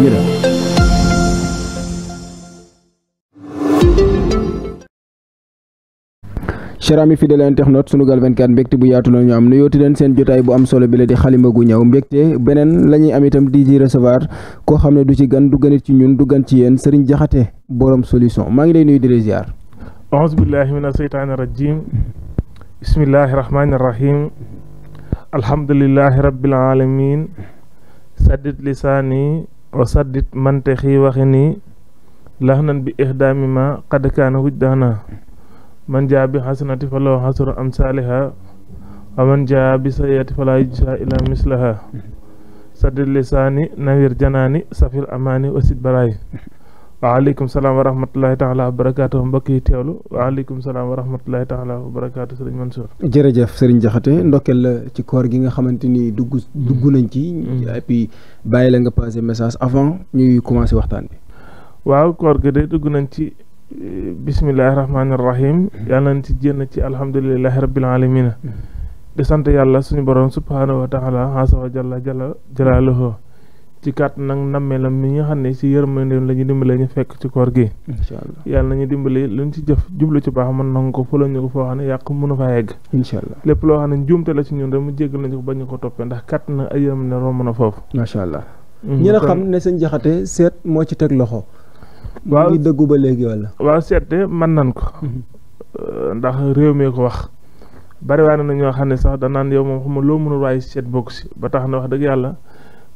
Guajira. chers amis fidèles internautes Sunugal 24 bu yaatu la ñu am nuyooti leen seen jotaay bu am solo bi la di xalima gu ñaw mbégte beneen la ñuy am itam di ji recevoir koo xam ne du ci gan du ganit ci ñun du gan ci yéen Serigne jaxate borom solution maa ngi lay nuyu di la ziar aouzu billahi mina sheytaani rahim alhamdulilahi rabbil alamin saddid lisaani wa saddit mante xii waxe nii bi ixdaami ma qad kaana wujdaana man jaa bi xasanati falaw xasru am saaliha wa man jaa bi sayati fala yujsa ila mislaha mm-hmm. saddit lisaani nawir janaani safil amaani wasit baraay waaleykum salaam wa rahmatulahi taala wa barakaatu mbokk yi teewlu waaleykum salaam wa rahmatulahi taala wa barakaatu sëriñ Mansour. jërëjëf sëriñ Jaxate ndokkeel la ci koor gi nga xamante ni dugg mm-hmm. dugg nañ ci. Mm-hmm. et puis bàyyi la nga passé commencé waxtaan bi. waaw koor gi de dugg nañ ci eh, bismillahi rahmaani rahim mm-hmm. yàlla nañ ci jénn ci alhamdulilahi rabbil alamina di sant yàlla suñu borom subhaanahu wa taala asa wa jalla jalla ci kàttan nag nammeelam mi nga xam ne ci yërmandeem la ñu dimbale ñu fekk ci koor gi incha allah yàlla nañu dimbale luñ ci jëf jublu ci baax mën nangu ko fëla ko foo xam ne yàq mënu faa yegg incha allah lépp loo xam ne njuumte la ci ñun rek mu jéggal nañu ko bañ ñu ko toppee ndax foofu macha allah mhm. xam ne sëñ jaxate seet moo ci teg loxo waaw dëggu ba léegi wala waaw seet de man nan ko mhm. euh, ndax réew mee ko wax bari waa na ñoo xam ne sax danaan yow moom xam loo mënul waaye seet bokk si ba tax na wax dëgg yàlla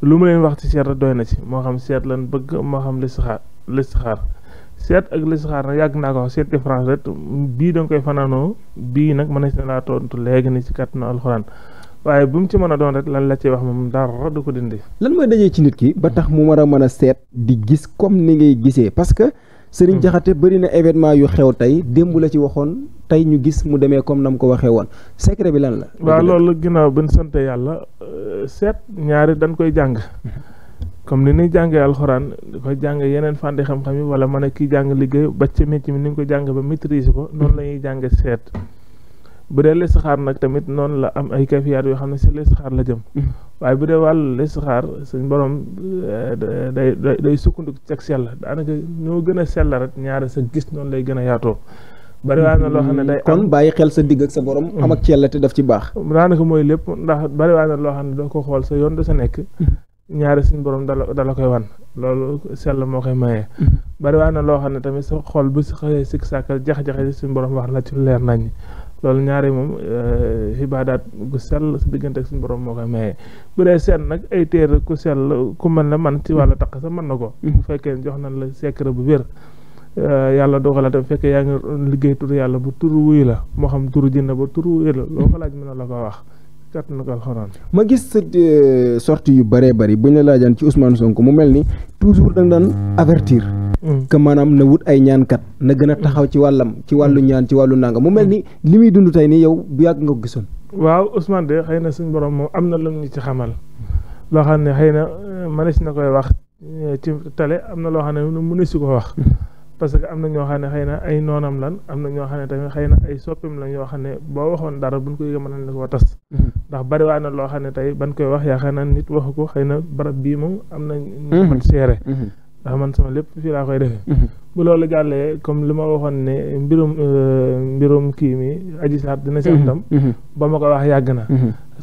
lu ma leen wax ci seet rek doy na ci moo xam seet lan bëgg moo xam listixaar listixaar seet ak listixaar nag yàgg naa ko wax seet différence rek bii da nga koy fanaanoo bii nag mën na si laa tontu léegi ni ci kàttanu alxuraan waaye bu mu ci mën a doon rek lan la ci wax moom dara du ko dindi. lan mooy dajee ci nit ki ba tax mu war a mën a seet di gis comme ni ngay gisee parce que. Serigne mmh. Diakhaté bëri na événement yu xew tey démb la ci waxoon tey ñu gis mu demee comme na mu ko waxee woon secret bi lan la. waaw loolu ginnaaw bi ñu sant yàlla euh, seet ñaari dañ koy jàng comme ni ñuy jàngee alxuraan di jàng yeneen fànn xam-xam yi wala mën a kii jàng liggéey ba ci métier mi ni ñu ko jàng ba maîtriser ko noonu lañuy ñuy seet bu dee listixaar nag tamit noonu la am ay kayfiyaat yoo xam ne si listixaar la jëm. Mmh. waaye bu dee wàllu listixaar suñ borom eh, day day sukkandiku ci ak sell daanaka ñoo gën a sell rek ñaare sa gis noonu lay gën a yaatoo bari waa na loo xam ne day am bàyyi xel sa digg ak sa borom mm-hmm. am ak cell te daf ci baax mu daanaka mooy lépp ndax bari waa na loo xam ne doo ko xool sa yoon da sa nekk mm-hmm. ñaare suñ borom dala dala koy wan loolu sell moo koy mayee mm-hmm. bari waa na loo xam ne tamit sa xool bu sa xëyee sikk sàkkal jax-jaxe suñ borom wax la ci leer nañ loolu ñaari moom euh, ibaadaat gu sell sa diggante ak suñu borom moo koy maye bu dee seet nag ay téer ku sell ku man la man ci mm-hmm. wàllu taq sa man na ko mm-hmm. bu fekkee jox nañ la secret bu wér euh, yàlla dogal tam fekkee yaa ngi liggéey tur yàlla bu tur wuyu la moo xam turu jinne ba turu wuyu la loo ko laaj mën na la ko wax ma gis sa euh, sortie yu bëree bëri bu ñu la laajaan ci Ousmane Sonko mu mel ni toujours da nga daan avertir. Mm. que maanaam na wut ay ñaankat na gën a taxaw ci wàllam ci wàllu mm. ñaan ci wàllu nangam mu mel ni li muy dund tey nii yow bu yàgg nga ko gisoon. waaw Ousmane de xëy na suñu borom moom am na lu ñu ci xamal loo xam ne xëy na euh, mënees na koy wax euh, ci télé am na loo xam ne mënees ko wax. Mm. parce que am na ñoo xam ne xëy na ay noonam lan am na ñoo xam ne tamit xëy na ay soppim lan yoo xam ne boo waxoon dara buñ koy yëgee mën nañ la koo tas mm-hmm. ndax bari waa na loo xam ne tey ban koy wax yaakaar naa nit waxu ko xëy na barab bii moom am na ñu man mm-hmm. seere mm-hmm. ndax man sama lépp fii laa koy defee bu loolu jàllee comme li ma waxoon ne mbirum euh, mbirum kii mi aji saat dina si am tam ba ma ko wax yàgg na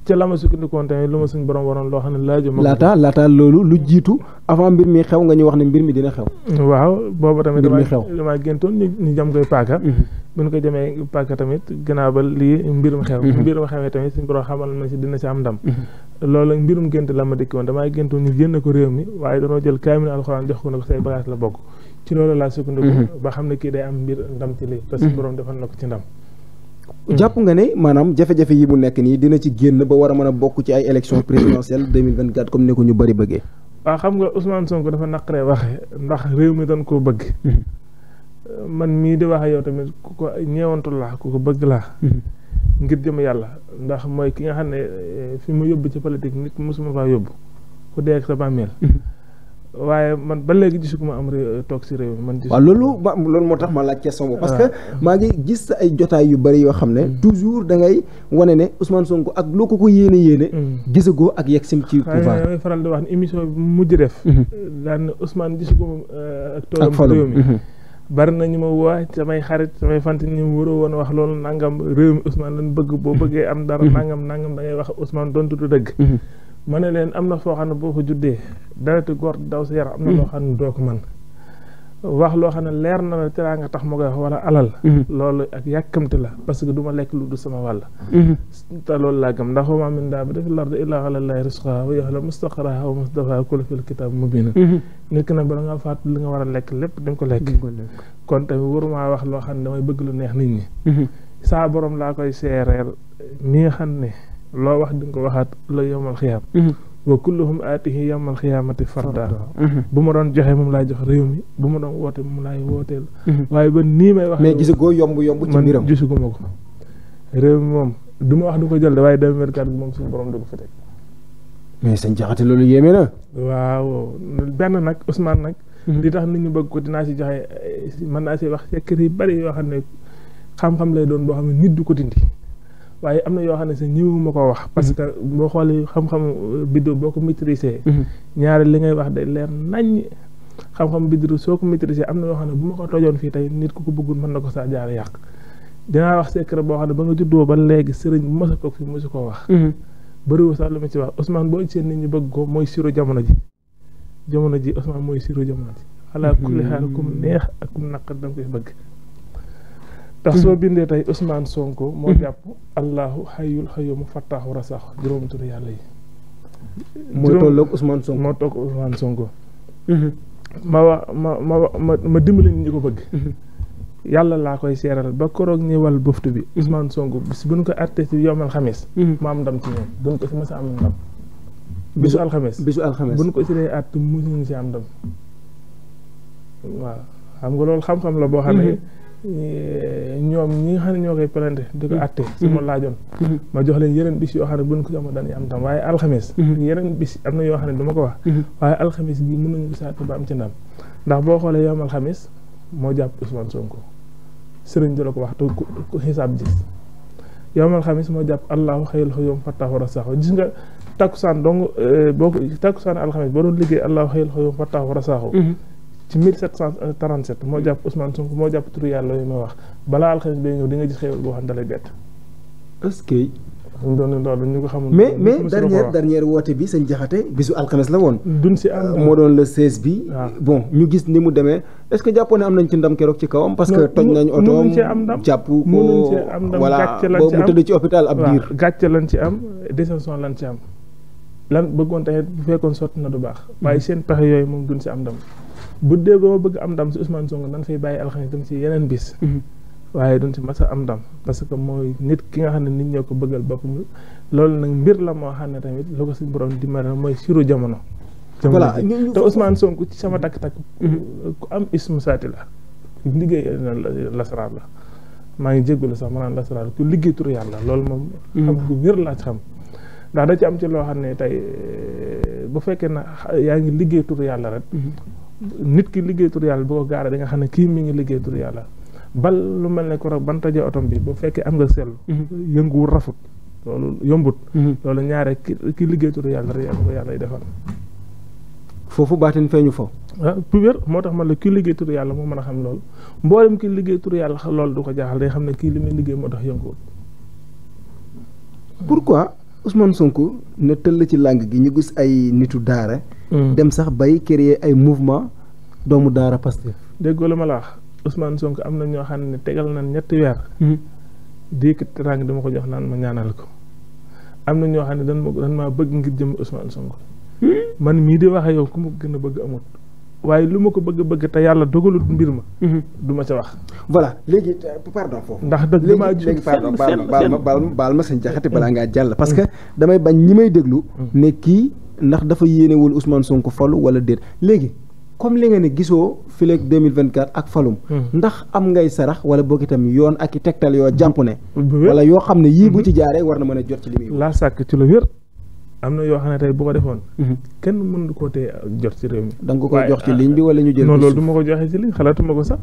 ca la ma sukkandikoon tamit lu ma suñ borom waroon loo xam ne laaju ma laata laata loolu lu jiitu avant mbir mi xew nga ñu wax ne mbir mi dina xew waaw booba tamit mbir mi xew damaa géntoon ñu ñu jam koy paaka mhm. bu ñu ko jamee paaka tamit gannaaw lii mbir mi xew mhm. mbir mi xewee tamit suñ na si dina si am ndam mhm. loolu mbirum gént la ma dëkki woon damaa géntoon ñu génn ko réew mi waaye danoo jël kaamil alxuraan jox ko ne ko say bagage la bokk ci loolu laa sukkandiku ba xam ne kii day am mbir ndam ci lii parce que borom defal na ko ci ndam Hmm. jàpp nga ne maanaam jafe-jafe yi mu nekk nii dina ci génn ba war a mën a bokk ci ay élection hmm. présidentielle 2024 comme ne ko ñu bëri bëggee. waaw xam nga Ousmane Sonko dafa naqaree waxee ndax réew mi dañ koo bëgg. Hmm. man mii di wax yow tamit ku ko ñeewantu laa ku ko bëgg laa. ngir jëm yàlla ndax mooy ki nga xam ne eh, fi mu yóbbu ci politique nit mosuma faa yóbbu ku dee ak sa bàmmeel waaye man ba léegi gisuma am euh, toog si réew man man. waaw loolu ma loolu moo tax ma laaj question boobu. parce que ah. maa ngi gis sa ay jotaay yu bëri yoo xam ne. Hmm. toujours da ngay wane ne Ousmane Sonko ak loo ko ko yéene yéene. Hmm. gisagoo ak yegg sim ci pouvoir. waaye faral di wax ne émission bi mujj def. Hmm. daan na Ousmane gisaguma euh, ak. toolam réew mi bari na ñu ma woo samay xarit samay fant ñu mu waroo woon wax loolu nangam réew mi Ousmane lan bëgg boo bëggee am dara. nangam nangam da ngay wax Ousmane doon tudd dëgg. ma ne leen am na foo xam ne boo ko juddee dareti góor daw sa yaram am na loo xam ne doo ko mën wax loo xam ne leer na la teraa nga tax ma koy wax wala mhm. ak yàkkamte la parce que du ma lekk lu du sama wàll mhm. te loolu laa gëm ndax wa maa min daabbatin fil mhm. li nga war a lekk lépp di nga ko lekk kon tamit warumaa wax loo xam ne damay bëgg lu neex nit ñi saa boroom laa koy seereel mi nga xam ne loo wax di nga ko waxaat la yowmal xiyaam mhm. wa kulluhum aatihi yowmal xiyaamati farda mhm. bu ma doon joxe moom laay jox réew mi bu ma doon woote moom laay wooteel mhm. waaye ba nii may wax mais gisagoo yomb yomb ci mbiram gisaguma ko réew mi moom du ma wax du ko jël de waaye 2024 bi moom suñu borom du ko fi mais sañ jaxate loolu yéeme na waaw benn nag Ousmane nag li tax nit ñu bëgg ko dinaa si joxe mën naa si wax secret yu bari yoo xam ne xam-xam lay doon boo xam ne nit du ko dindi waaye am na yoo xam ne si ñëwuma ko wax. parce que boo xoolee xam-xam euh, biddew boo ko maîtriser. Mm-hmm. ñaari li ngay wax de leer nañ xam-xam biddew soo ko maîtriser am na yoo xam ne bu ma ko tojoon fii tey nit ku ko bëggul mën na ko saa jaar yàq. dinaa wax secret boo xam ne ba nga juddoo ba léegi sëriñ bu mos a ko fi su koo wax. Mm-hmm. bëriwul sax la ma si wax Ousmane boo seen nit ñi bëgg ko mooy siro jamono ji jamono ji Ousmane mooy siro jamono ji. xalaat mm-hmm. ku li xaar ku neex ak ku mu naqar koy bëgg. ndax hmm. soo bindee tey usmaan Sonko. moo hmm. jàpp Allahu xayul xayumu fattaaxu rasax juróomi tur yàlla yi. moo tolloog Ousmane Sonko hmm. ma wax ma ma ma ma dimbali ko bëgg. yàlla laa koy seeral ba koroog ñi wal buftu bi. Ousmane Sonko bis bu ñu ko àttee ci yomal xamis. ma am ndam ci ñoom duñ ko si mës a am ndam. bisu alxames bisu alxames buñ ko si dee àtt musuñu si am ndam. waaw xam nga loolu xam-xam la boo xam ne. Eh, ñoom ñi nga xam ne ñoo koy plainte di ko àtte mm-hmm. si mm-hmm. ma laajoon mm-hmm. ma jox leen yeneen bis yoo xam ne buñ ko jox dañuy am tam waaye alxames yeneen bis am na yoo xam ne dama ko wax waaye alxames gi mën nañu gisaat ba am ci ndax boo xoolee yoom alxames moo jàpp Ousmane Sonko sëriñ di la ko wax te ku xisaab gis yoom alxames moo jàpp allahu xayul xuyum fattaahu rasaahu gis nga takkusaan dong eh, boo ko takkusaan alxames boo doon liggéey allahu xayul xuyum fattaahu ci 1737 moo jàpp Ousmane Sonko moo jàpp turu yàlla yu ma wax balaa alxames bee ñëw di nga gis xéewal boo xam ne dalay bett. est-ce doon loolu ñu ko xamul. mais mais dernière woote bi sëñ Jaxate bisu alxames la woon. si ànd moo doon le bi. Ah. bon ñu gis ni mu demee est-ce que jàppoon ne am nañ ci ndam keroog ci kawam. parce que toj nañ otoom mënuñ cee am ndam jàpp ko voilà ba mu tëdd ci hôpital ab diir. gàcce lañ ci am déception lan ci am lan bëggoon tamit bu fekkoon sotti na du baax. waaye seen pexe yooyu moom duñ si am ndam bu dee ba ma bëgg am ndam si Ousmane Sonko nan fay bàyyi alxames dem si yeneen bis. Mhm. waaye duñ si mas am ndam parce que mooy nit ki nga xam ne nit ñoo ko bëggal boppam loolu nag mbir la moo xam ne tamit lu ko suñu borom dimbali mooy siru jamono. voilà te Ousmane ci sama takk-takk. Mhm. ku am ismu saati la. liggéey maa ngi jégalu sax ma naan lasaraar ku liggéey tur loolu moom. Mhm. xam ku wér laa ci xam. ndax da ci am ci loo xam ne tey eh, bu fekkee na yaa ngi liggéey tur yàlla rek. nit ki liggéey tur boo ko gaaree da nga xam ne kii mu ngi liggéey tur yàlla bal lu mel ne ko rek ban tajee otom bi bu fekkee am nga seetlu mhm. yënguwul rafut loolu yombut mhm. loolu ñaare ki ki liggéey tur yàlla rek yàlla ko defal foofu baatin feeñu fo ah moo tax ma la ki liggéey tur yàlla moo mën a xam loolu mboolem ki liggéey tur yàlla loolu du ko jaaxal day xam ne kii li muy liggéey moo tax yënguwul pourquoi Ousmane sunk ne tëll ci làng gi ñu gis ay nitu daara Mm. dem sax bay créer ay mouvement doomu daara Pastef déggoo la ma la wax Ousmane Sonko am na ñoo xam ne tegal nañ ñetti weer mm. dii ki teraanga dama ko jox naan ma ñaanal ko am na ñoo xam ne dan ma dan bëgg ngir jëm Ousmane Sonko mm. man mii di wax yow ku ma gën a bëgg amut waaye lu ma ko bëgg bëgg te yàlla dogalut mbir ma mm-hmm. du ma ca wax voilà léegi euh, pardon foofu ndax dëgg damaa léegi pardon baal ma baal ma jaxate balaa ngaa jàll parce que damay bañ ñi may déglu ne ndax dafa yéenewul Ousmane Sonko falu wala déet léegi comme li nga ne gisoo vingt 2024 ak falum hmm. ndax am ngay sarax wala boog itam yoon ak i tegtal yoo jàmp ne wala yoo xam ne yii bu hmm. ci jaaree war na mën a jot ci li laa sàkk ci am na yoo xam ne tey ko defoon hmm. kenn mënu koo tee jot ci réew mi da nga ko koy jox ci ligne bi ah, wala ñu jël non loolu du ma ko joxee ci ligne xalaatuma ko sax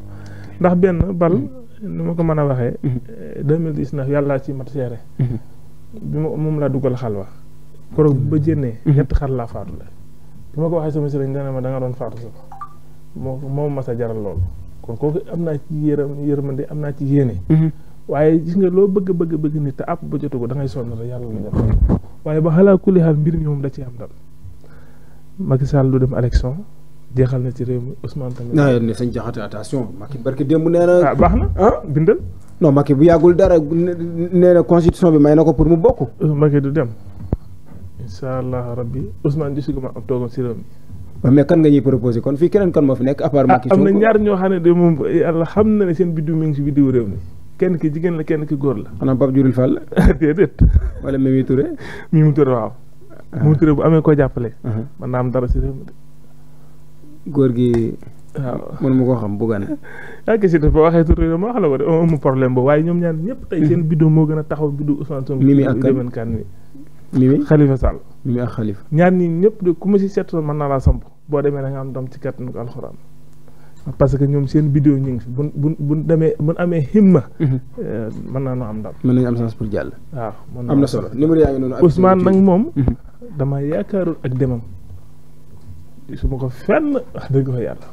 ndax benn bal nu ma ko mën a waxee 2019 eh, yàlla ci mat seere bi ma moom laa dugal xalwa koroog ba jënnee mhm. ñetti xar laa faatu la bi ma ko waxee sama sëriñ dana ma da doon faatu sax moo ma mas a jaral loolu kon kooku am naa ci yërëm yërmande am naa ci yéene mhm. waaye gis nga loo bëgg bëgg bëgg nit te àpp ba jotu ko da ngay sonn rek yàlla la jot waaye ba xalaa kulli xaal mbir mi moom da ci am dal Macky Sall du dem élection jeexal na ci réew mi Ousmane tamit. naa ne sañ jaxate attention ki barki démb nee na. ah baax na ah bindal. ma Macky bu yàggul dara nee na constitution bi may na ko pour mu bokk. Macky du dem. incha allah rabbi Ousmane gisuguma am toogam si réew mi. waaw mais kan nga ñuy proposé kon fii keneen kan moo fi nekk à part. Ah, eh, seen biddiw mi ngi si biddiw réew mi kenn ki jigéen la kenn ki góor ah. bu amee ko jàppale. Ah. man naa am dara si réew mi de. góor gi. waaw mën ma koo xam buggaan ak si dafa waxee tur ma wax la ko de amu problème ba waaye ñoom ñaar ñëpp tey seen biddiw moo gën a taxaw biddiw Ousmane Sonko. Mimi ak kan Mimi Khalifa Sall. Mimi ak Khalifa. ñaar ñi ñëpp de ku ma si seetlu mën naa laa samp boo demee da nga am doom ci kàttanu ko alxuraan parce que ñoom seen vidéo ñu ngi fi bu bu bu demee bu amee himma. Mhm. Eh, mën naa noo am ndax mën nañu am chance pour jàll. waaw ah, am na solo numéro yaa ngi noonu. Ousmane nag moom. Mhm. damay yaakaarul ak demam. su ma ko fenn wax dëgg yàlla.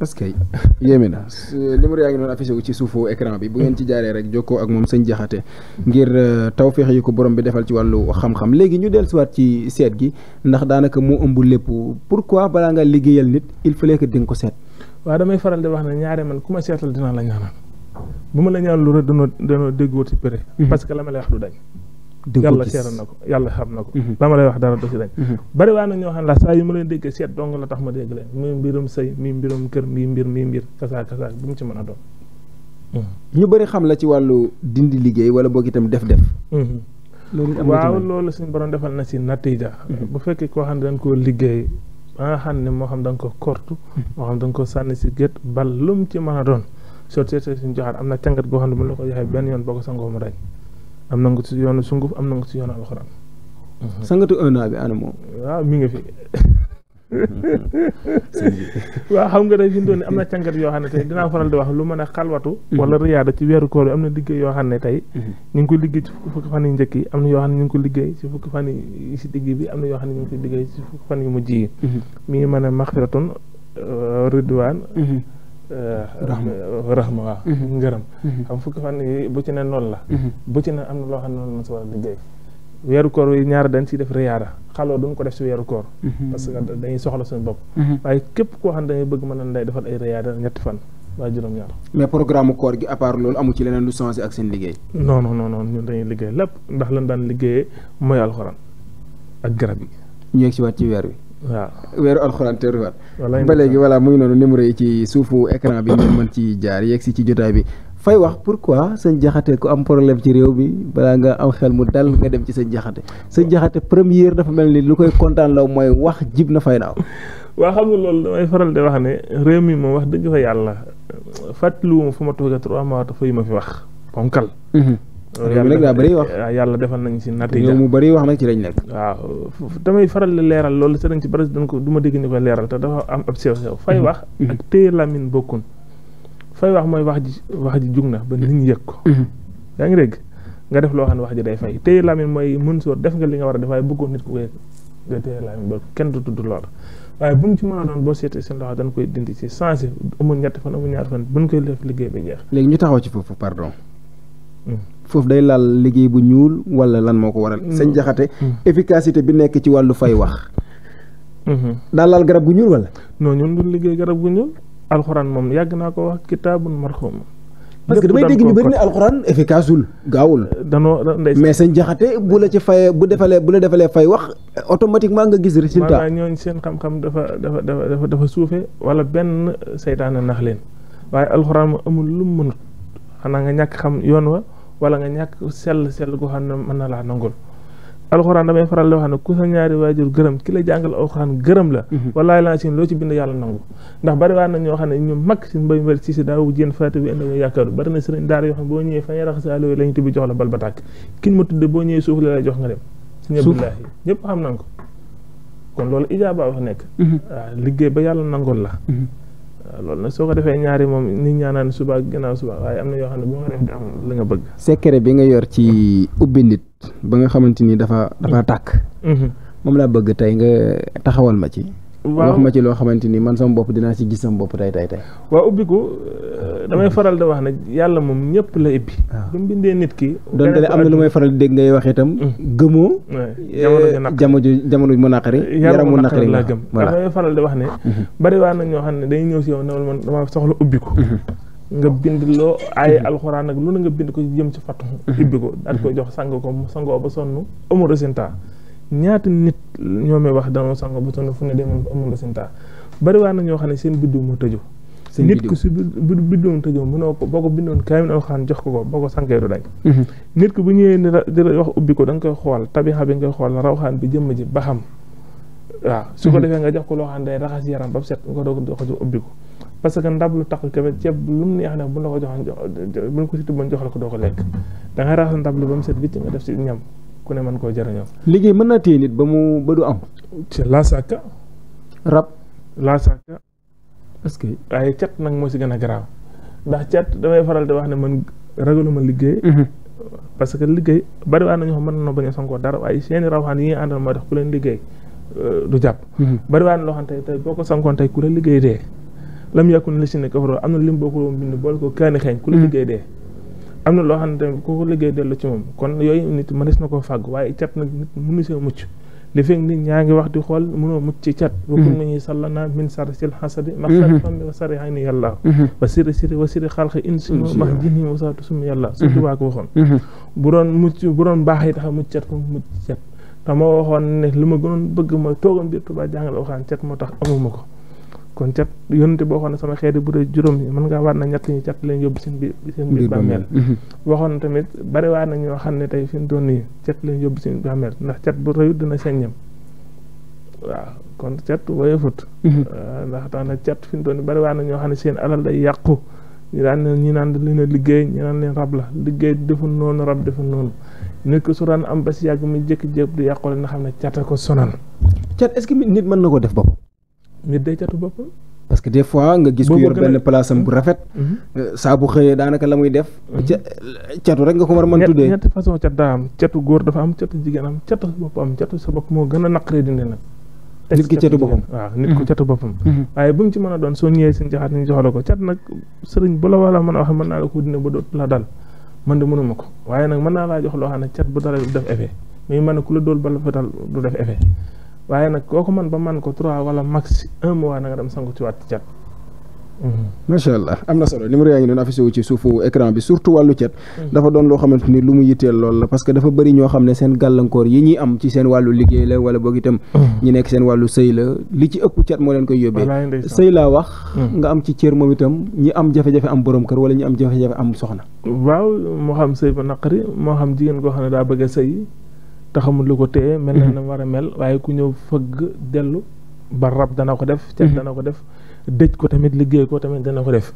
est-ce que yéeme na euh, numéro yaa ngi doon affiché wu ci suufu écran bi bu ngeen ci jaaree rek jokkoo ak moom sëñ Jaxate ngir euh, tawféex yi ko borom bi defal ci wàllu xam-xam léegi ñu dellusiwaat ci seet gi ndax daanaka mu ëmb lépp pour pourquoi balaa nga liggéeyal nit il fallait que di nga ko seet. waa damay faral di wax ne ñaare man ku ma seetal dinaa la ñaanal bu ma la ñaanal lu rek danoo danoo déggooti péré. Mhm. parce que la ma lay wax du dañ. yàlla seeral na ko yàlla xam na ko dama mhm. lay wax dara do ci dañ mhm. bari waa na ñoo xam la saa yu ma leen déggee seet dong la tax ma dégg leen mi mbirum sëy mi mbirum kër mi mbir mi mbir bu mu ci mën a doon mhm. ñu bari xam la ci wàllu dindi liggéey wala boog itam def def waaw loolu suñu borom defal na si natiija bu fekkee koo xam ne dañ liggéey ba nga ne moo xam da nga ko kortu moo xam ko sànni si gét bal lum ci mën a doon soo seetee suñu joxaat am na cangat goo xam ne bu la ko joxee benn yoon boo ko sangoo mu dañ am na nga ci yoonu sunguf am na nga ci yoonu alxuraan. Mhm. sangatu un bi ana waaw mi nga fi. Mhm. waaw xam nga day fi doon am na càngat yoo xam ne tey dinaa faral di wax lu mën a xalwatu mhm. wala riyaada ci weeru koor bi am na liggéey yoo xam ne tey ñu ngi ko liggéey ci fukki fan yu njëkk yi am na yoo xam ne ñu ngi ko liggéey si fukki fan yi si bi am na yoo xam ne ñu ngi ko liggéey ci fukki fan yu mujj yi mi ngi mën a maxfiratun euh, ridwaan Euh, raxma euh, waaw mhm. ngërëm mhm. xam fukki fan yi bu ci ne noonu la mhm. bu ci ne am na loo xam ne noonu la si war a liggéey weeru koor yi ñaar dañ ciy def riyaada xaloo duñ ko def si weeru koor parce que dañuy soxla suñu bopp waaye képp koo xam ne dañuy bëgg mën na lay defal ay riyaada ñetti fan waa juróom-ñaar mais programme koor gi à loolu amu ci leneen lu changé ak seen liggéey non non ñun dañuy liggéey lépp ndax lan daan liggéeyee mooy alxuraan ak garab waaw weeru alxuraan teeruwaat ba léegi voilà mu ngi noonu numéro yi ci suufu écran bi ngeen mën jaar yegg si ci jotaay bi fay wax pourquoi sëñ jaxate ku am problème ci réew bi balaa nga am xel mu dal nga dem ci sëñ jaxate sëñ jaxate première dafa mel ni lu koy kontaan law mooy wax jib na fay naaw waa xam nga loolu damay faral di ne réew mi moom wax dëgg fa yàlla fàttaliwuma fu ma toogee trois mois te fay ma fi wax ponkal mhm. réew mi nag daa bëri eh, yàlla defal nañ si natija mu bëri wax nag ci lañ nekk waaw damay faral di leeral loolu sëriñ si bari dañ ko du ma dégg ñu koy leeral te dafa am ab sew sew hmm. fay wax hmm. ak téye lamin bokkun wax mooy wax ji wax ji jug na ba nit ñi yëg ko hmm. yaa ngi dégg nga def loo xam ne wax ji day fay téye lamin mooy mën sóor def nga li nga war a def bëggoon nit ku ko yëg nga téye lamin ba kenn du tudd lool waaye bu mu ci mën a doon boo seetee seen loxo dañ koy dindi ci si amul ñetti fan amul ñaar fan buñ koy def liggéey bi jeex léegi ñu taxaw ci foofu pardon foofu day laal liggéey bu ñuul wala lan moo ko waral. Mm. sañ Jaxate mm. efficacité bi nekk ci wàllu fay wax. Mm-hmm. daal laal garab gu ñuul wala. non ñun liggéey garab gu ñuul alxuraan moom yàgg naa ko wax kitaabun marxum parce que alxuraan efficaceul gaawul. danoo mais sëñ Jaxate bu la ci fayee bu defalee bu la defalee fay wax automatiquement nga gis résultat. maanaam ñooñu seen xam-xam dafa dafa dafa dafa suufee wala benn seytaane nax leen waaye alxuraan amul lu mu mënut xanaa nga ñàkk xam yoon wa. wala nga ñàkk sell sell goo xam ne mën na laa nangul alxuraan damay faral di wax ne ku sa ñaari waajur gërëm ki la jàngal alxuraan gërëm la walaay laa sin loo ci bind si mbay yoo xam boo ñëwee fa ñuy raxas alooyu lañu tibbi jox la bal ba tàkk kin ma tudd boo ñëwee suuf la lay jox nga dem si ñëbillaahi xam nañ kon loolu ijaaba wax nekk mhm. waaw liggéey ba yàlla nangul la mhm. waaw loolu soo ko defee ñaari moom nit ñaanaan suba ak gannaaw suba waaye am na yoo xam ne boo ko def am li nga bëgg. secret bi nga yor ci ubbi nit ba nga xamante ni dafa dafa tàkk. Mhm. moom laa bëgg tey nga taxawal ma ci. wax ma ci loo xamante ni man sama bopp dinaa si gis sama bopp tey tay tey waaw ubbi ko euh, damay mm. faral di wax ne yàlla moom ñëpp la ubbi ah. bu mu bindee nit ki donte ne am na lu may faral di dégg ngay wax itam mm. gëmoo jamono jamono mu naqari yaram mu naqari laa gëm damay faral di wax ne mm-hmm. bari waa na ñoo xam ne day ñëw si yow newal man dama soxla ubbi ko mm-hmm. nga bind loo ay mm-hmm. alxuraan ak lu ne nga bind ko jëm ci fattu ubbi ko daal koy jox sang ko mu sangoo ba sonn amul ñaata nit ñoomee wax danoo sang bu sonn fu ne demoon amul résultat bari waa na ñoo xam ne seen biddiw mu tëju nit ku si biddiw mu tëjoo mënoo ko boo ko bindoon jox ko ko boo ko sankee du dañ mm-hmm. nit ku bu ñëwee di wax ubbi ko da koy xool tabixa bi nga koy xool rawxaan bi jëmm ji ba xam waaw su ko mm-hmm. defee jox ko loo xam ne day raxas yaram ba mu set que ndab lu tax kafe ceeb lu mu neex ne bu ko joxoon bu ñu si tibboon jox la ko doo ko lekk da ngay raxas ndab lu ba mu set wicc nga def si ñam ku ne mën koo jëriñoo. liggéey mën naa téye nit ba mu ba du am. c'est la sàkka. rab la sàkka. est-ce que waaye cat nag moo ci gën a garaaw ndax cat damay faral di wax ne man ragaluma liggéey. Mhm. parce que liggéey bari waa nañoo xam mën na bañ a sonkoo dara waaye seeni rawxaan yi àndal moo tax ku leen liggéey euh, du jàpp mhm. bari waa na loo xam tey tey boo ko sankoon tey ku la liggéey dee lam yàkkun la si ne kafaro am na lim boo ko doon bind boole ko kaani xeeñ ku la mhm. liggéey dee am na loo xam ne tamit ku liggéey dellu ci moom kon yooyu nit mënees na koo fàgg waaye cat nag nit mënu mucc li fekk nit ñaa ngi wax di xool mënoo mucc ci cat bu ko mhm. ñuy sallana min sar sil xasadi max mhm. sari fammi wa sari xayni yàlla mhm. wa siri siri wa siri xalxi insimo ko waxoon bu doon mucc bu doon baax yi tax mucc cat ko mucc cat te moo waxoon ne li ma gënoon bëgg mooy toogoon biir tubaa jàngale waxaan cat moo tax amuma ko kon cat yónnte boo waxoon ne sama xeeti bu dee juróom yi mën ngaa waat na ñett ñi cat leen yóbbu seen biir seen biir bàmmeel mhm. waxoon tamit bari waa na ñoo xam ne tey fi mu toll nii cat leen yóbbu seen biir bàmmeel ndax cat bu rëyut dina saññam waaw kon cat woyofut mhm. ndax tax na cat fi mu toll nii na ñoo xam ne seen alal da yàqu ñu daan ñi naan leen a liggéey ñi rab la liggéey deful noonu rab deful noonu nit ko su daan am bas si yàgg mu jékki-jékki di yàqule na xam ne cat a ko sonal cat est-ce mën na ko def bopp nit day catu boppam. parce que des fois nga gis ku yor benn place am bu rafet. Mhm. saa xëyee daanaka la muy def. Mhm. ca catu rek nga ko man a mën tuddee. ñetti façon cat daa am catu góor dafa am catu jigéen am catu sa bopp am a naqaree dindi nag. nit ki catu boppam mhm. waaye bu mu ci mën a doon soo ñëwee seen jaxaat ñu jox ko cat nag sëriñ bu la mën a wax mën naa la ko dindi ba doot la dal man de mënuma ko waaye nag mën naa la jox loo xam ne cat bu dara du def effet mais man ku la dool ba la fa dal du def waaye nag koo ko man ba man ko trois wala max un mois na nga dem sangu ci waat ci cat macha am na solo numéro yaa ngi doon affiché wu ci suufu écran bi surtout wàllu cet dafa doon loo xamante ni lu mu yitteel lool la parce que dafa bëri ñoo xam ne seen gàllankoor yi ñuy am ci seen wàllu liggéey la wala boog itam ñi nekk seen wàllu sëy la li ci ëpp cet moo leen koy yóbbee sëy laa wax hmm. nga am ci cër moom itam ñi am jafe-jafe am boroom kër wala ñi am jafe am soxna waaw moo xam sëy ba naqari moo xam jigéen koo xam ne daa bëgg a sëy te xamul lu ko téye mel na mhm. war a mel waaye ku ñëw fëgg dellu ba rab dana ko def cet mhm. dana ko def dëj ko tamit liggéey ko tamit dana ko def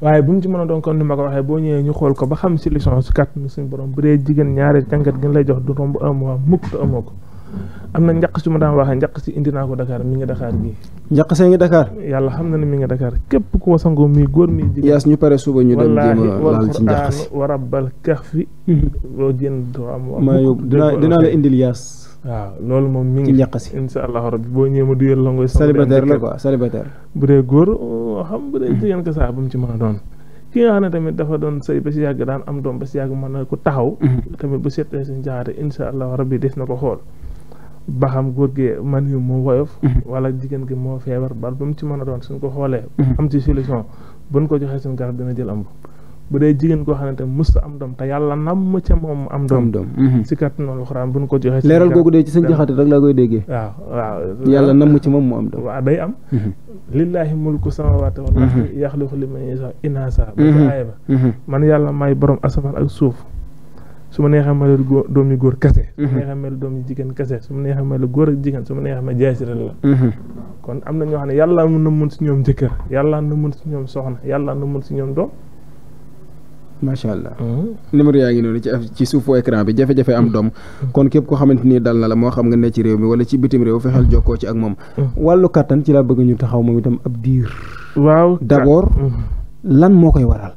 waaye bu mu ci mën a doon kon ni ma ko waxee boo ñëwee ñu xool ko ba xam solution su kat suñ borom bu dee jigéen ñaari jàngat gën lay jox du romb un mois mukk te amoo ko am na njaq su ma daan waxee njaq si indi naa ko Dakar mi ngi Dakar gii. njaq see ngi Dakar. yàlla xam na ne mi ngi Dakar képp ku wasangoo muy góor mi. yaas ñu pare suba ñu dem a wa rabbal kahfi. boo génn doo am. maa yóbbu dinaa dinaa la indil yaas. waaw loolu moom mi ngi. ci njaq si incha allahu rabbi boo la quoi célibataire. bu dee góor oh, xam bu dee jigéen ko saa mu ci ma a doon. ki nga xam ne tamit dafa doon sëy ba si yàgg daan am doom ba si yàgg mën na ko taxaw. Mhm. tamit bu seetee si njaxate incha allahu rabbi des na ko xool ba xam góor gi man yu moo woyof mhm. wala jigéen gi moo feebar ba ba mu ci mën a doon suñ ko xoolee mhm. am ci solution buñ ko joxee suñ garab dina jël am ko bu dee jigéen koo xamante mës am te yàlla nam ma am doom doom si mhm. kàttan noonu xuraan buñ ko joxee leeral googu dee ci sëñ jaxate rek laa koy déggee waaw waaw yàlla nam ma ci moom mu am doom waaw day am lillahi mulku samawati wal ardi yaxluqu liman yasha inasa ba ca aaya ba man yàlla may borom asamaan ak suuf su ma neexee ma la doom yu góor kase su ma neexee ma la doom yu jigéen kase su ma neexee ma la góor ak jigéen su ma neexee ma jaasira la mhm. kon am na ñoo xam ne yàlla na mun si ñoom jëkkër yàlla na mun si ñoom soxna yàlla na mun si ñoom doom macha allah mhm. numéro yaa ngi noonu ci ci suufu écran bi jafe-jafe am doom mhm. kon képp ko xamante ni daal na la moo xam nga ne ci réew mi wala ci bitim réew fexeel jokkoo ci ak moom wàllu kàttan ci laa bëgg ñu taxaw moom itam ab diir waaw d'abord lan moo koy waral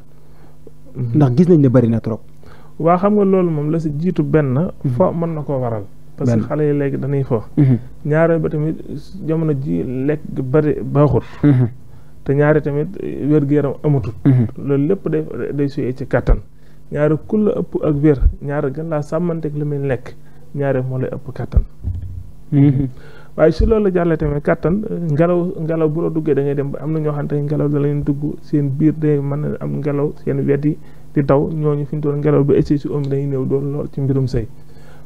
ndax nañ ne bari na trop waa xam nga loolu moom la si jiitu benn mhm. fo mën na koo waral parce que xale yi léegi dañuy fo mhm. ñaareel ba tamit jamono ji lekk bari baaxut mhm. te ñaari tamit wér-gu-yaram amatut loolu lépp day day suyee ci kattan ñaari kul la ëpp ak wér ñaari gën laa sàmmanteek li muy lekk ñaari moo lay ëpp kattan waaye si loolu la jàllee tamit kattan ngelaw ngelaw bu la duggee da dem ba am na ñoo xam ne ngelaw da lañu dugg seen biir day mën a am ngelaw seen wet yi di daw ñooñu fi ñu doon ngelaw bi egsi si oom bi dañuy néew doon lool ci mbirum sëy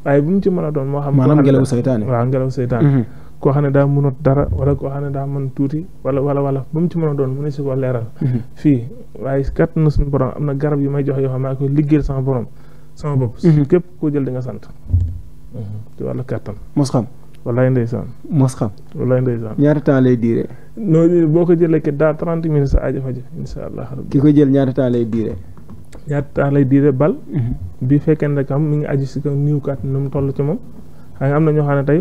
waaye bu mu ci mën a doon moo xam maanaam ngelaw seytaane waaw ngelaw seytaane mhm. koo xam ne daa mënut dara wala koo xam ne daa man tuuti wala wala wala ba mu ci mën a doon mu ne si ko leeral mhm. fii waaye kat na suñu borom am na garab yu may joxe yoo xam maa koy liggéeyal sama borom sama bopp mhm. képp koo jël di nga sant ci wàllu kàttan mos xam wallaay ndeysaan mos xam wallaay ndeysaan ñaata temps lay diire noonu boo ko jëlee kat daa trente minutes sa aajo faje insha ki ko jël ñaata temps lay diire ñaata temps lay diire bal. Mhm. bi fekkee ne xam mi ngi aji si kaw niiw kat nu mu toll ci moom. xam nga am na ñoo xam ne tey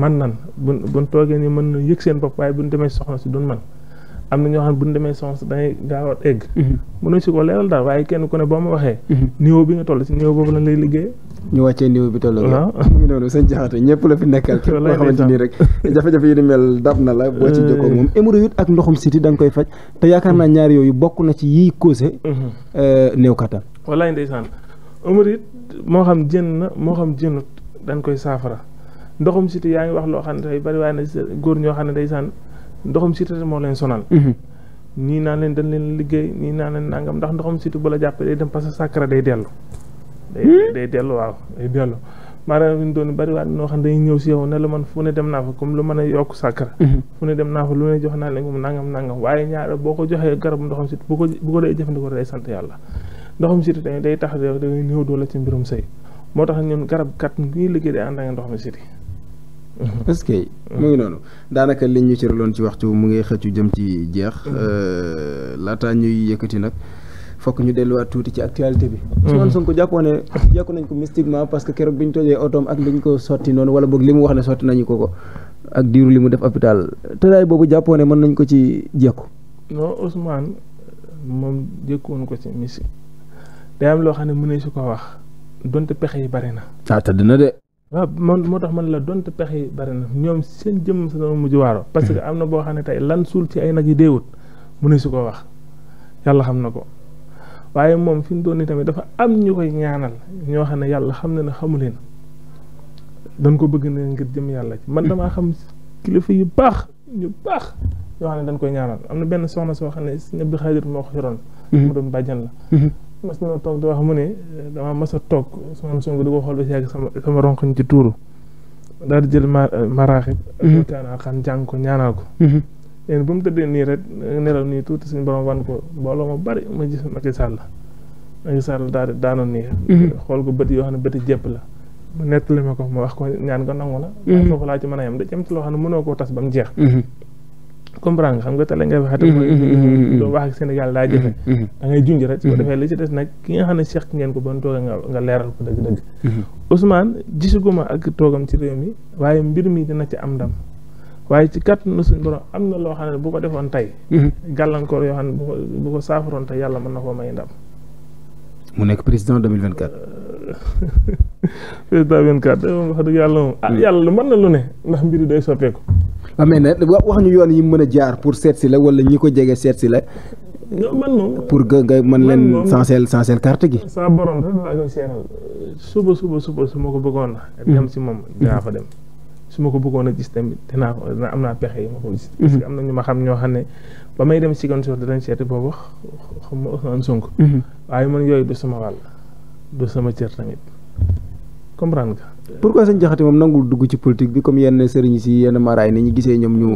man nan buñ buñ toogee ni mën na yëg seen bopp waaye buñ demee soxna si duñ man am na ñoo xam ne bu nu demee sons dangay gaaw a egg. Mhm. mënuñ si ko leeral daal waaye kenn ku ne boo ma waxee. Mhm. niveau bi nga toll si niveau boobu lañ lay liggéey. ñu wàccee niveau bi toll. waaw ah. mu ngi noonu sëñ Diakhaté ñëpp la fi nekkal. képp koo xamante ni rek jafe-jafe yi di la. boo ci eh. jokkoo ak ndoxum siti da koy faj. te yaakaar naa ñaar yooyu bokk na ci yiy causé. Mhm. Euh, néew kattan. walaay ndeysaan hémorroïde moo xam jën na moo xam jënut dañ koy saafara ndoxum siti yaa ngi wax loo xam ne tey bari waaye góor ñoo xam ne ndeysaan ndoxum cité moo leen sonal. Mhm. nii naa leen dañ leen liggéey nii naa leen nangam ndax ndoxum cité bu la jàppee day dem parce que sacré day dellu. day hmm? day dellu waaw day dellu. maanaam ñu doon bariwaat noo xam dañuy ñëw si yow ne man fu ne dem naa fa comme lu mën a yokk sàkkara mhm. naa fa jox naa leen moom nangam nangam boo ko joxee garabu ndoxam si bu ko bu ko jëfandikoo day sant yàlla ndoxum siti tamit day tax da ngay néew doole ci mbirum sëy moo tax ñun garab kat ngi liggéey day ànd ak ndoxam siti est parce que mu ngi noonu daanaka liñ ñu cëraloon ci waxtu mu ngi xëccu jëm ci jeex mm-hmm. euh, laataa ñuy yëkkati nag fokk ñu delluwaat tuuti ci actualité bi mm-hmm. Ousmane Sonko ko ne jàpp nañ ko mystiquement parce que keroog bi ñu tojee otoom ak li ñu ko sotti noonu wala boog li mu wax ne sotti nañu ko ko ak diiru li mu def hôpital tëraay boobu jàppoo ne mën nañ ko ci jekku non Ousmane moom jëkkoon ko ci mystique day am loo xam ne mënee su ko wax donte pexe yi bari na waaw man moo tax man la donte pexe yi bari na ñoom seen jëm sa doon mujj waaro parce que am na boo xam ne tey lan suul ci ay nag yi déewut mu ne su ko wax yàlla xam na ko waaye moom fi mu doon nii tamit dafa am ñu ñaanal ñoo xam ne yàlla xam na ne xamu leen dañ ko bëgg ne ngir jëm yàlla ci man damaa xam kilifa yu baax ñu baax ñoo xam ne dañ koy ñaanal am na benn soxna soo xam ne si ñebe xaadir moo ko yoroon. Mhm. mu bàjjan la. Mhm. mas na toog di wax mu ne dama mas a toog Ousmane Sonko di ko xool ba si yàgg sama sama ronkoñ ci di jël ma maraaxib mhm. ak xan jàng ko ñaanal ko léegi mhm. bu mu tëddee nii rek nelaw nii tuuti suñu borom wan ko mbooloo ma bari ma gis Macky Sall Macky Sall daal di daanoon nii mhm. xool ko bët yoo xam ne bëti jépp la mu nettali ma ko ma wax ko ñaan ko nangu na foofu laa ci mën a yem da jëm ci loo xam ne mënoo koo tas ba mu jeex comprendre nga xam nga tele ngay waxate mm-hmm, mooy mm-hmm, mm-hmm. doo wax ak Sénégal daa jafe da ngay junj rek su ko defee li ci des nag ki nga xam ne seq ngeen ko ban toog nga nga leeral ko dëgg-dëgg Ousmane gisuguma ak toogam ci réew mi waaye mbir mi dina ci am ndam waaye ci kàttanu suñu borom am na loo xam ne bu ko defoon tey gàllankoor yoo xam ne bu ko saafaroon tey yàlla mën na koo may ndam mu nekk président 2024 président 24 moom wax yàlla moom ah hmm. yàlla mën na ne ndax mbir yi soppeeku. waaw ah, mais nag wax ñu yoon yi mën a jaar pour seet si la wala ñi ko jege seet si la. man pour nga nga mën leen sanseel sanseel carte gi. sa borom rek laa koy seeral suba suba su ma ko bëggoon a. Hmm. dem si moom dinaa fa dem. su ma ko bëggoon a gis tamit dinaa ko am naa pexe yi ma ko gis. Hmm. am na ñu ma xam ñoo xam ne ba may dem si kon soor dinañ seeti boobu xam waaye man yooyu du sama wàll. du sama cër tamit comprendre nga. pourquoi sëñ Jaxate moom nangul dugg ci politique bi comme yenn sëriñ si yenn maraay ni ñu gisee ñoom ñu.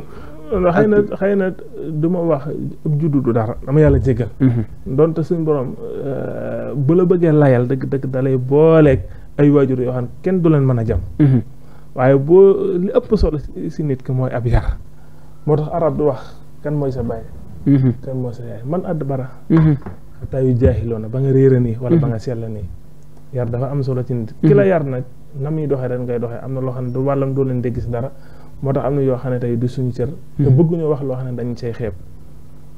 xëy na xëy na du ma wax juddu du dara dama yàlla jéggal. Mhm. donte suñu borom euh, bu la bëggee layal dëgg dëgg dalay booleeg ay waajur yoo xam kenn du leen mën a jam. Mhm. waaye boo li ëpp solo si nit ki mooy ab yar moo tax arab du wax kan mooy sa baay. Mhm. kan mooy sa yaay man àdd bara. xataa yu jaaxiloon na ba nga réer a nii. wala ba nga sell nii. yar dafa am solo ci nit mhm. ki la yar nag na muy doxee ren ngay doxee am na loo xam ne du wàllam doo leen dégg si dara moo tax am na yoo xam ne tey du suñu cër te mhm. bëgg ñoo wax loo xam ne dañ say xeeb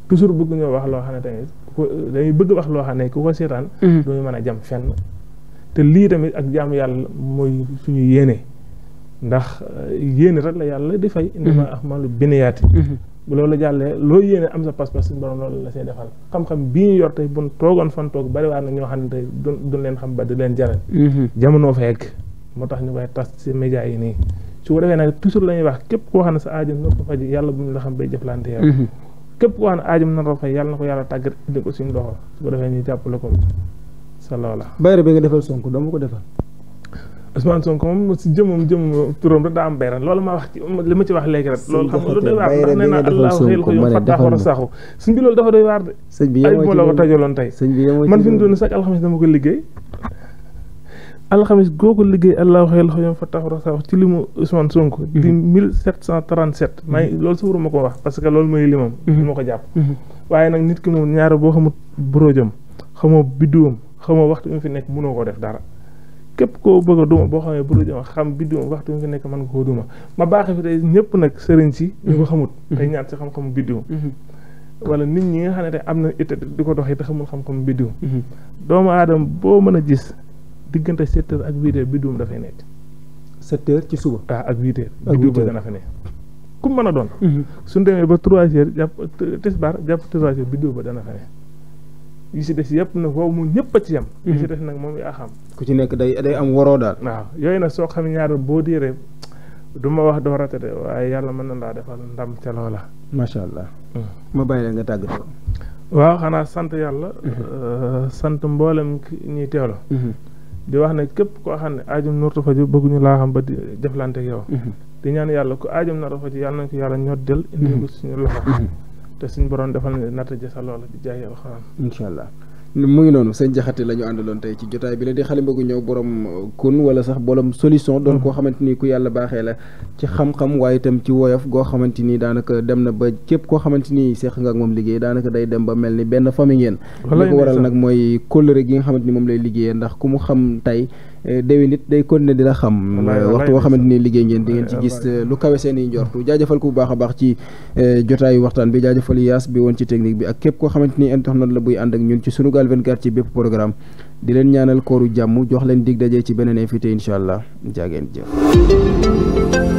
toujours wax loo xam ne tamit dañuy bëgg wax loo xam ne ku ko seetaan mhm. duñu mën a jam fenn te lii tamit ak jaamu yàlla mooy suñu yéene ndax yéene rek la yàlla di fay. ndama ahmalu binniyaati bu loolu jàllee loo yéene am sa pas-pas suñu borom loolu la see defal xam-xam bii ñu yor tey bu toogoon fan toog bari waar na ñoo xam ne du duñ leen xam ba du leen jaral mm-hmm. jamono fa yegg moo tax ñu koy tas ci média yi nii su ko defee nag toujours la ñuy wax képp koo xam ne sa aajo na ko yàlla bu ñu la xam bay jëflante yow mm-hmm. képp koo xam ne aajo na ko fay yàlla na ko yàlla tàggat indi ko suñu loxo su ko defee ñu jàppale ko sa loola bayre bi nga defal Sonko dama ko defal Ousmane Sonko moom si jëmum jëmum turam rek daa am bayran loolu ma wax ci li ma ci wax léegi rek loolu xam nga lu doy dafa doy waar de ay bu la ko tajoloon tey man fi mu doon sax alxames dama ko liggéey alxames googu liggéey allah xel ko yom fattaaxo ra saxu ci limu Ousmane Sonko mhm. di mille sept cent trente sept may mhm. loolu sa ma ko wax parce que loolu mooy limam li mhm. ma ko jàpp waaye nag nit ki moom ñaara boo xamut boroojam xamoo bidduwam xamoo waxtu mu fi nekk mënoo koo def dara képp koo bëgg a duma boo xam ne bëgg duma xam bi duma waxtu mu fi nekk mën nga koo duma ma baaxee fi tey ñëpp nag sëriñ si ñu ko xamut tey ñaan si xam-xamu biddiw mm-hmm. wala nit ñi nga xam ne tey am na itte di ko dox doxee te xamul xam-xamu biddiw mm-hmm. doomu aadama boo mën a gis diggante sept ak huit heures biddiwam dafay nekk sept ci suba ah, ak huit heures biddiw ba dana fa nekk ku mën a doon mm-hmm. suñ demee ba trois heures jàpp tisbaar jàpp trois heures ba dana fa nekk yi si des yëpp nag foofu mu ñëpp a ci yem yi si mhm. des nag moom yaa xam ku ci nekk day day am waroo daal waaw yooyu nag soo xam ñaar boo diiree du ma wax doo rate de yàlla mën na laa defal ndam ca loola macha allah mm. ma bàyyi la nga tàggatoo waaw xanaa sant yàlla mhm. euh, sant mboolem ñuy teewlo mhm. di wax ne képp koo xam ne aajum nartu faju bëgguñu laa xam ba di jëflante ak yow di ñaan yàlla ku aajum nartu faju yàlla nañ ko yàlla ñoddel indi ko suñu loxo te suñ borom defal na natt ja sa loola di jaay alxuraan. incha allah mu ngi noonu sëñ Jaxate la ñu àndaloon tey ci jotaay bi la di xale mbëggu ñëw borom kun wala sax borom solution. doon koo xamante ni ku yàlla baaxee la ci xam-xam waaye itam ci woyof goo xamante ni daanaka dem na ba képp koo xamante ni seq nga moom liggéey daanaka day dem ba mel ni benn famille ngeen. li ko waral nag mooy kóllëre gi nga xamante ni moom lay liggéeyee ndax ku mu xam Eh, déwén it day continuer di la xam eh, waxtu woo xamante ni liggéey ngeen di ngeen ci gis eh, lu kawe seeni i njortu jaajëfal ko bu baax a baax ci jotaayu waxtaan bi jaajëfal yaas bi woon ci technique bi ak képp koo xamante ni internet la buy ànd ak ñun ci Sunugal 24 ci bépp programme di leen ñaanal kooru jàmm jox leen dig dajee ci beneen invité incha allah jaageen jëf